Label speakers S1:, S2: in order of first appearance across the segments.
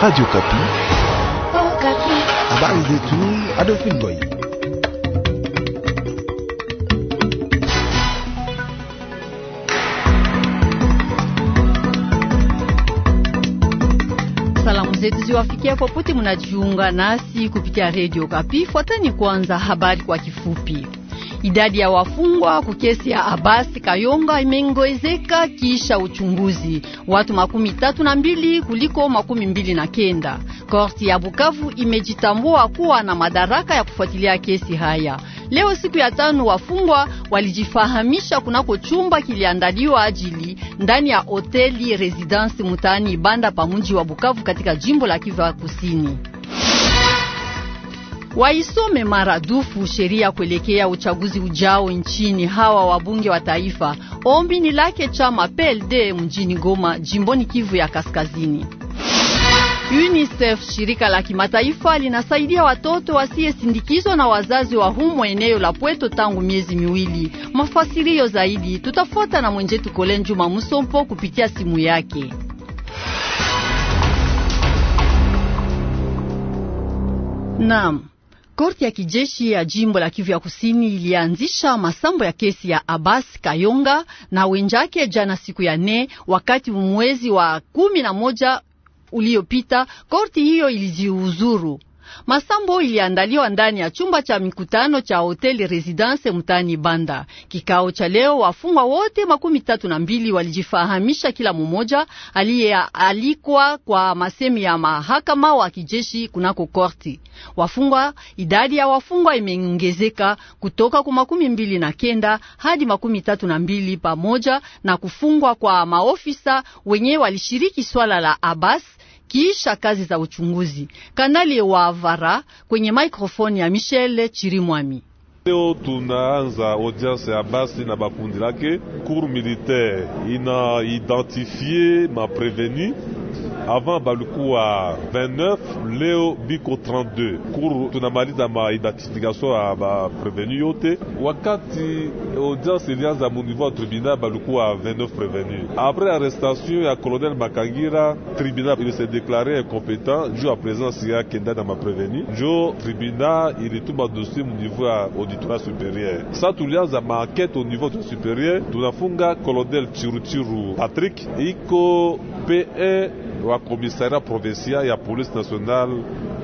S1: Radio Kapi. Oh, Kapi. Habari zetu Adolfine Ndoi.
S2: Salamu zetu ziwafikia popote munajiunga nasi kupitia Radio Kapi. Fuatani kwanza habari kwa kifupi. Idadi ya wafungwa kukesi ya Abasi Kayonga imeongezeka kisha uchunguzi, watu makumi tatu na mbili kuliko makumi mbili na kenda. Korti ya Bukavu imejitambua kuwa na madaraka ya kufuatilia kesi haya. Leo siku ya tano, wafungwa walijifahamisha kunako chumba kiliandaliwa ajili ndani ya hoteli Residence mutaani Banda pamuji wa Bukavu katika jimbo la Kivu Kusini waisome maradufu sheria kuelekea uchaguzi ujao nchini. Hawa wabunge wa taifa, ombi ni lake chama PLD mjini Goma, jimboni Kivu ya Kaskazini. UNICEF shirika la kimataifa linasaidia watoto wasiyesindikizwa na wazazi wa humo eneo la Pweto tangu miezi miwili. Mafasirio zaidi tutafuata na mwenjetu Kolen Juma Musompo kupitia simu yake. Naam. Korti ya kijeshi ya jimbo la Kivu ya Kusini ilianzisha masambo ya kesi ya Abbas Kayonga na wenjake jana siku ya nne, wakati mwezi wa kumi na moja uliopita korti hiyo ilijiuzuru. Masambo iliandaliwa ndani ya chumba cha mikutano cha hoteli Residence mtaani Banda. Kikao cha leo, wafungwa wote makumi tatu na mbili walijifahamisha kila mmoja aliyealikwa kwa masemi ya mahakama wa kijeshi kunako korti. Wafungwa, idadi ya wafungwa imeongezeka kutoka kwa makumi mbili na kenda hadi makumi tatu na mbili pamoja na kufungwa kwa maofisa wenye walishiriki swala la Abbas kiisha kazi za uchunguzi. Kanali wa Vara kwenye maikrofoni ya Michele Chirimwami.
S3: Leo tunaanza audience ya basi na bakundi lake. Cour militaire ina identifie ma prevenu Avant balikuwa 29, leo biko 32. Kuru tunamaliza maidentification ya maprevenu yote. Wakati audience ilianza munivo ya tribunal balikuwa 29 prevenu. Apres arrestation ya Colonel Makangira, tribunal il se deklare incompétent juu ya presence yake ndani ya maprevenu. Jo tribunal ilituma dossier munivo ya auditoire supérieure. Sa tulianza maenquête au niveau supérieur, tunafunga Colonel Chirutiru Patrick iko PE e, wa komisaria provinsia ya polisi nationale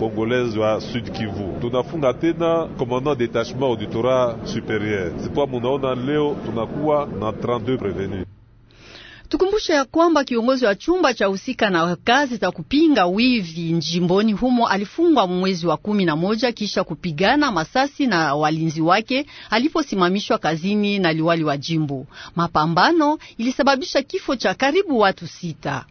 S3: congolaise wa Sud Kivu. Tunafunga tena commandant detachement auditorat superieur. Sipoa munaona leo tunakuwa na 32 prevenus.
S2: Tukumbushe ya kwamba kiongozi wa chumba cha husika na kazi za kupinga wivi njimboni humo alifungwa mwezi wa kumi na moja kisha kupigana masasi na walinzi wake aliposimamishwa kazini na liwali wa jimbo. Mapambano ilisababisha kifo cha karibu watu sita.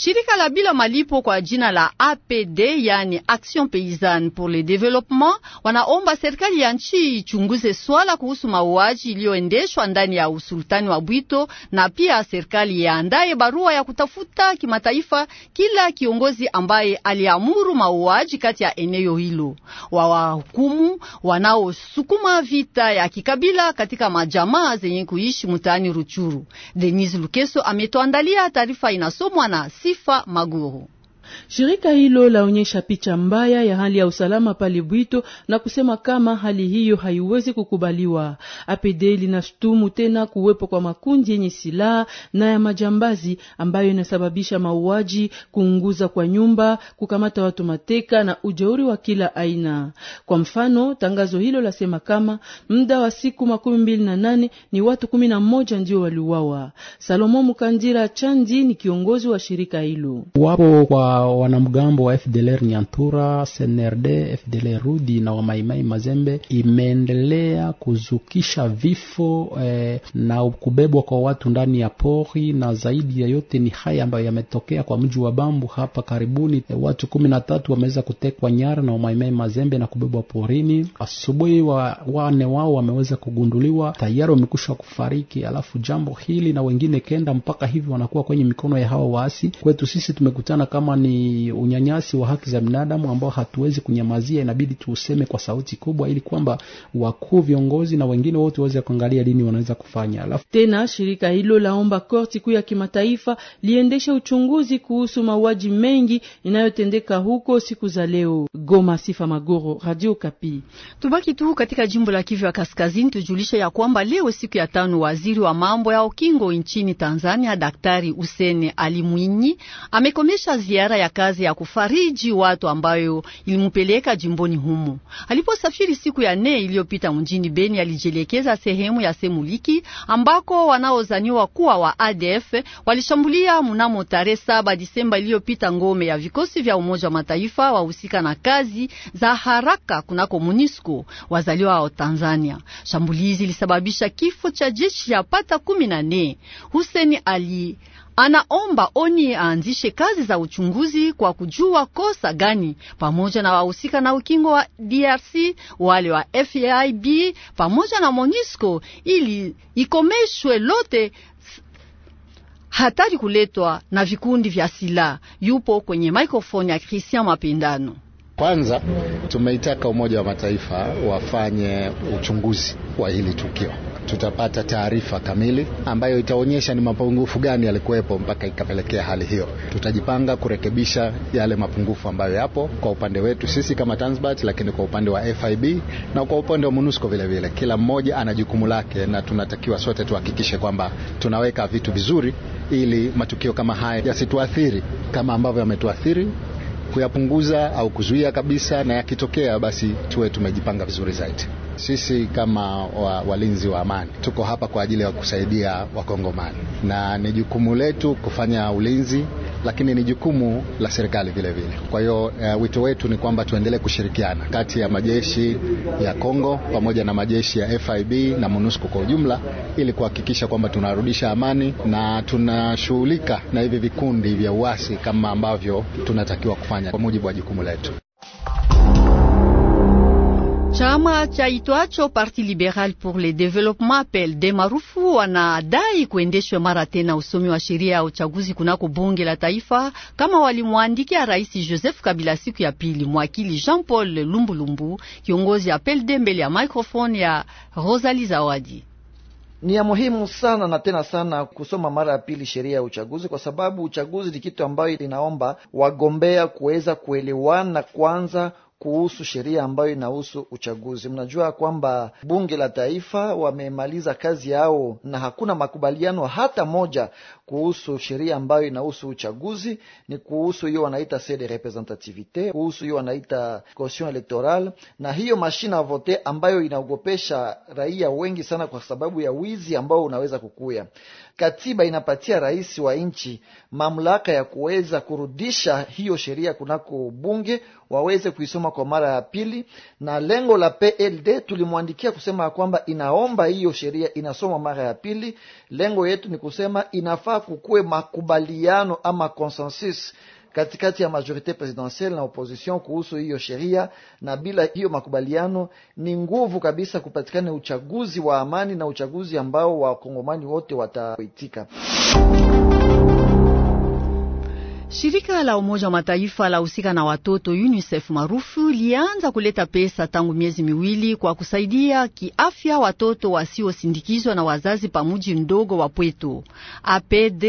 S2: Shirika la bila malipo kwa jina la APD, yani Action Paysanne pour le Développement, wanaomba serikali ya nchi ichunguze swala kuhusu mauaji iliyoendeshwa ndani ya usultani wa Bwito, na pia serikali yaandaye barua ya kutafuta kimataifa kila kiongozi ambaye aliamuru mauaji kati ya eneo hilo, wawahukumu wanaosukuma vita ya kikabila katika majamaa zenye kuishi mtaani Ruchuru. Denis Lukeso ametoandalia taarifa inasomwa na si Sifa Maguru. Shirika hilo laonyesha picha mbaya ya hali ya usalama pale Bwito na kusema kama hali hiyo haiwezi kukubaliwa. APD linashutumu tena kuwepo kwa makundi yenye silaha na ya majambazi ambayo inasababisha mauaji, kuunguza kwa nyumba, kukamata watu mateka na ujeuri wa kila aina. Kwa mfano, tangazo hilo lasema kama muda wa siku makumi mbili na nane ni watu kumi na moja ndio waliuawa. Salomo Mukandira Chandi ni kiongozi wa shirika hilo.
S3: Wapo kwa wanamgambo wa FDLR Nyantura, CNRD, FDLR Rudi na Wamaimai Mazembe imeendelea kuzukisha vifo eh, na kubebwa kwa watu ndani ya pori, na zaidi ya yote ni haya ambayo yametokea kwa mji wa Bambu hapa karibuni. Eh, watu kumi na tatu wameweza kutekwa nyara na Wamaimai Mazembe na kubebwa porini. Asubuhi wa, wane wao wameweza kugunduliwa tayari wamekusha kufariki, alafu jambo hili na wengine kenda mpaka hivi wanakuwa kwenye mikono ya hawa waasi. Kwetu sisi tumekutana kama ni ni unyanyasi wa haki za binadamu ambao hatuwezi kunyamazia, inabidi tuuseme kwa sauti kubwa, ili kwamba wakuu, viongozi na wengine wote waweze kuangalia lini wanaweza kufanya. Alafu
S2: tena shirika hilo laomba korti kuu ya kimataifa liendeshe uchunguzi kuhusu mauaji mengi inayotendeka huko siku za leo. Goma, Sifa Magoro, Radio Kapi. Tubaki tu katika jimbo la Kivu ya Kaskazini, tujulishe ya kwamba leo siku ya tano, waziri wa mambo ya ukingo nchini Tanzania Daktari Usene Ali Mwinyi amekomesha ziara ya kazi ya kufariji watu ambayo ilimpeleka jimboni humo. Aliposafiri siku ya nne iliyopita mjini Beni, alijielekeza sehemu ya Semuliki ambako wanaozaniwa kuwa wa ADF walishambulia mnamo tarehe saba Disemba iliyopita ngome ya vikosi vya Umoja wa Mataifa wahusika na kazi za haraka kunako MONUSCO wazaliwa wa Tanzania. Shambulizi lisababisha kifo cha jeshi pata kumi na nne. Hussein Ali anaomba ONI aanzishe kazi za uchunguzi kwa kujua kosa gani, pamoja na wahusika na ukingo wa DRC wale wa FAIB pamoja na MONUSCO ili ikomeshwe lote hatari kuletwa na vikundi vya silaha. Yupo kwenye mikrofoni ya Christian Mapindano.
S3: Kwanza tumeitaka Umoja wa Mataifa wafanye uchunguzi wa hili tukio tutapata taarifa kamili ambayo itaonyesha ni mapungufu gani yalikuwepo mpaka ikapelekea hali hiyo. Tutajipanga kurekebisha yale mapungufu ambayo yapo kwa upande wetu sisi kama Tanzbat, lakini kwa upande wa FIB na kwa upande wa MONUSCO vile vile, kila mmoja ana jukumu lake, na tunatakiwa sote tuhakikishe kwamba tunaweka vitu vizuri ili matukio kama haya yasituathiri kama ambavyo yametuathiri kuyapunguza au kuzuia kabisa, na yakitokea basi tuwe tumejipanga vizuri zaidi. Sisi kama wa, walinzi wa amani tuko hapa kwa ajili ya kusaidia Wakongomani na ni jukumu letu kufanya ulinzi lakini ni jukumu la serikali vile vile. Kwa hiyo uh, wito wetu ni kwamba tuendelee kushirikiana kati ya majeshi ya Kongo pamoja na majeshi ya FIB na MONUSCO kwa ujumla ili kuhakikisha kwamba tunarudisha amani na tunashughulika na hivi vikundi vya uasi kama ambavyo tunatakiwa kufanya kwa mujibu wa jukumu letu.
S2: Chama cha itwacho Parti Liberal pour le Development PLD marufu wanadai kuendeshwa mara tena usomi wa sheria ya uchaguzi kunako bunge la taifa kama walimwandikia Rais Joseph Kabila siku ya pili. Mwakili Jean Paul Lumbulumbu, kiongozi ya de, mbele ya microphone ya Rosalie Zawadi. Ni ya muhimu sana
S4: na tena sana kusoma mara ya pili sheria ya uchaguzi, kwa sababu uchaguzi ni kitu ambayo inaomba wagombea kuweza kuelewana kwanza kuhusu sheria ambayo inahusu uchaguzi. Mnajua kwamba bunge la taifa wamemaliza kazi yao na hakuna makubaliano hata moja kuhusu sheria ambayo inahusu uchaguzi. Ni kuhusu hiyo wanaita se de representativite, kuhusu hiyo wanaita caution electoral, na hiyo mashine a vote ambayo inaogopesha raia wengi sana kwa sababu ya wizi ambao unaweza kukuya. Katiba inapatia rais wa nchi mamlaka ya kuweza kurudisha hiyo sheria kunako bunge waweze kuisoma kusema kwa mara ya pili, na lengo la PLD tulimwandikia kusema ya kwamba inaomba hiyo sheria inasoma mara ya pili. Lengo yetu ni kusema inafaa kukuwe makubaliano ama consensus katikati ya majorite presidentielle na opposition kuhusu hiyo sheria, na bila hiyo makubaliano ni nguvu kabisa kupatikana uchaguzi wa amani na uchaguzi ambao wakongomani wote wataitika.
S2: Shirika la Umoja wa Mataifa la husika na watoto UNICEF maarufu lianza kuleta pesa tangu miezi miwili kwa kusaidia kiafya watoto wasiosindikizwa na wazazi pa mdogo wa Pweto. APD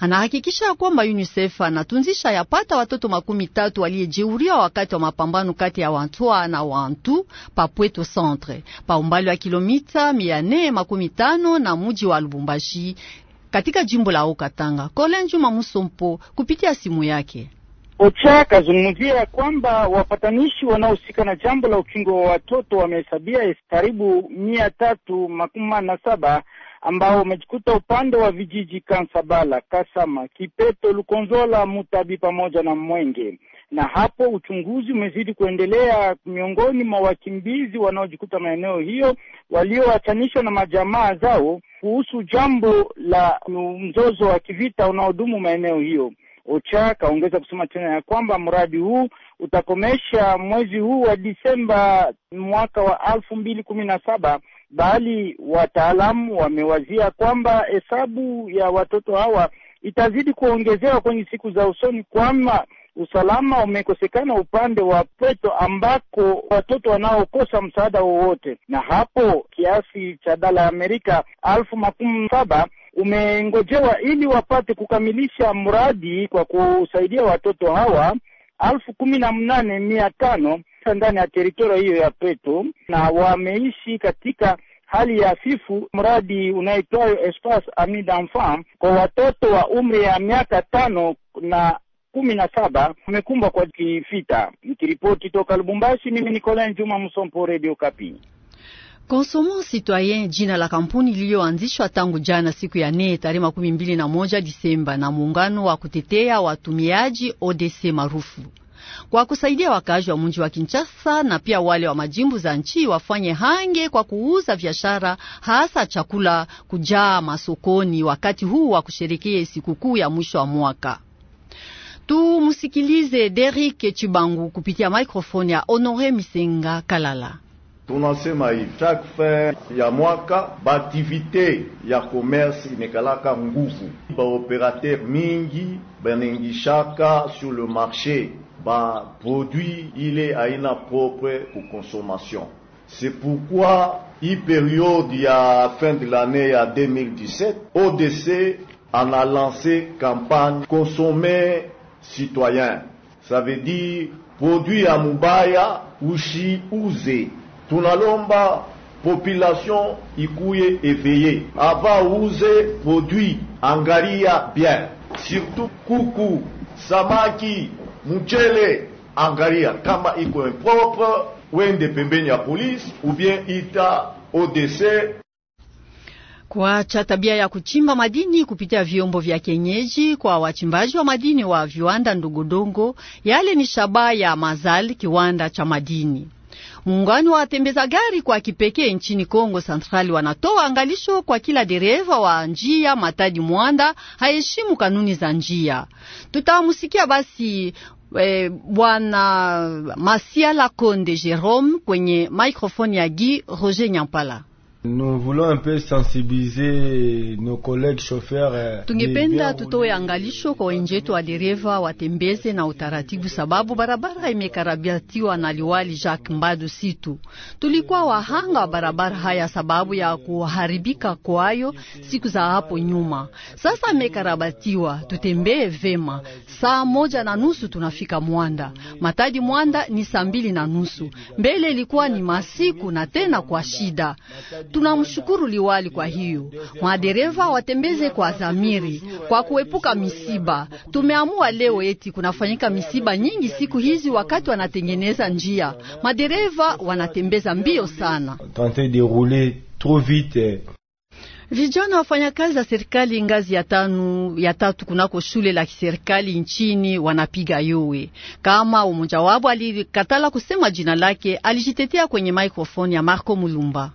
S2: anahakikisha kwamba UNICEF anatunzisha yapata watoto makumi tatu waliyejeuriwa wakati wa mapambano kati ya Wantwa na Wantu pa Pweto Centre pa umbali wa kilomita mia nne makumi tano na muji wa Lubumbashi katika jimbo la Okatanga. Colin Juma Musompo kupitia simu yake
S1: Ocha akazungumzia kwamba wapatanishi wanaohusika na jambo la ukingo wa watoto wamehesabia karibu mia tatu makumi na saba ambao wamejikuta upande wa vijiji Kansabala, Kasama, Kipeto, Lukonzola, Mutabi pamoja na Mwenge na hapo uchunguzi umezidi kuendelea miongoni mwa wakimbizi wanaojikuta maeneo hiyo walioachanishwa na majamaa zao kuhusu jambo la mzozo wa kivita unaodumu maeneo hiyo. OCHA kaongeza kusema tena ya kwamba mradi huu utakomesha mwezi huu wa Disemba mwaka wa elfu mbili kumi na saba bali wataalamu wamewazia kwamba hesabu ya watoto hawa itazidi kuongezewa kwenye siku za usoni kwamba usalama umekosekana upande wa Pweto ambako watoto wanaokosa msaada wowote, na hapo kiasi cha dola ya Amerika elfu makumi saba umengojewa ili wapate kukamilisha mradi kwa kusaidia watoto hawa elfu kumi na mnane mia tano ndani ya teritoria hiyo ya Pweto, na wameishi katika hali ya fifu. Mradi unaitwayo Espace Ami d'Enfant kwa watoto wa umri ya miaka tano na kumi na saba kumekumbwa kwa kivita. Nikiripoti toka Lubumbashi, mimi ni Kolen Juma Msompo, Redio Kapi.
S2: Konsomo Citoyen, jina la kampuni iliyoanzishwa tangu jana siku ya nne tarehe makumi mbili na moja Disemba na muungano wa kutetea watumiaji ODC maarufu kwa kusaidia wakazi wa mji wa Kinshasa na pia wale wa majimbo za nchi wafanye hange kwa kuuza biashara hasa chakula kujaa masokoni wakati huu wa kusherekea sikukuu ya mwisho wa mwaka. Tumsikilize Derike Chibangu kupitia microphone ya Honore Misenga Kalala.
S4: Tunasema hivi chaque fin ya mwaka baaktivite ya commerce inekalaka nguvu, baoperateur mingi banaingishaka sur le marché ba produit ile aina propre ku consommation. C'est pourquoi i période ya fin de l'année ya 2017 ODC a lancé campagne consommer citoyens. Ça veut dire produit à Usi ushiuze. Tunalomba population ikuye éveillée. Ava usé produit Angaria bien. Surtout kuku, samaki, mchele Angaria. kama iko propre, ou pembeni ya police ou bien ita décès
S2: kuacha tabia ya kuchimba madini kupitia vyombo vya kienyeji kwa wachimbaji wa madini wa viwanda ndogondogo. Yale ni shabaha ya Mazal, kiwanda cha madini. Muungano wa watembeza gari kwa kipekee nchini Kongo Santrali wanatoa angalisho kwa kila dereva wa njia Matadi Mwanda haheshimu kanuni za njia. Tutamusikia basi e, Bwana Masiala Konde Jerome kwenye maikrofoni ya Gi Roger Nyampala.
S1: Nous voulons un peu sensibiliser nos collègues chauffeurs. Euh, Tungependa
S2: tutoe angalisho kwa wenzetu wa dereva watembeze na utaratibu, sababu barabara imekarabatiwa na liwali Jacques Mbadu Situ. Tulikuwa wahanga wa barabara haya sababu ya kuharibika kwayo siku za hapo nyuma. Sasa imekarabatiwa, tutembee vema. Saa moja na nusu tunafika Mwanda. Matadi Mwanda ni saa mbili na nusu. Mbele ilikuwa ni masiku na tena kwa shida Tunamshukuru liwali kwa hiyo, mwadereva watembeze kwa zamiri kwa kuepuka misiba. Tumeamua leo eti kunafanyika misiba nyingi siku hizi, wakati wanatengeneza njia madereva wanatembeza mbio sana. Vijana wafanyakazi za serikali ngazi ya tano ya tatu kunako shule la kiserikali nchini wanapiga yowe. Kama umoja wabo alikatala kusema jina lake, alijitetea kwenye mikrofoni ya Marco Mulumba.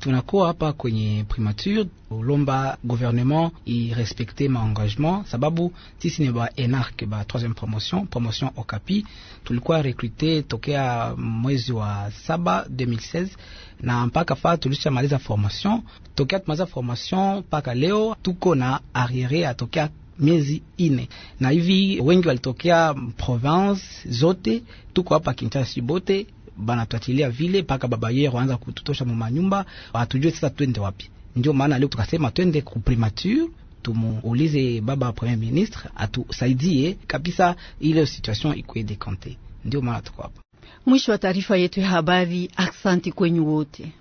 S3: tunakuwa hapa kwenye primature ulomba gouvernement irespekte maengagement, sababu sisi ni ba enark ba 3 promotion promotion Okapi. Tulikuwa rekrute tokea mwezi wa saba 2016 na mpaka fa tulisha maliza formation. Tokea tumaliza formation mpaka leo tuko na arriere ya tokea miezi ine na hivi, wengi walitokea province zote, tuko hapa Kinshasa bote banatuachilia vile mpaka baba yeye anza kututosha manyumba hatujue sasa twende wapi. Ndio maana leo tukasema twende ku primature tumuulize baba premier ministre atusaidie kabisa ile situation ikuwe dekante. Ndio maana tuko hapa.
S2: Mwisho wa taarifa yetu ya habari. Aksanti kwenyu wote.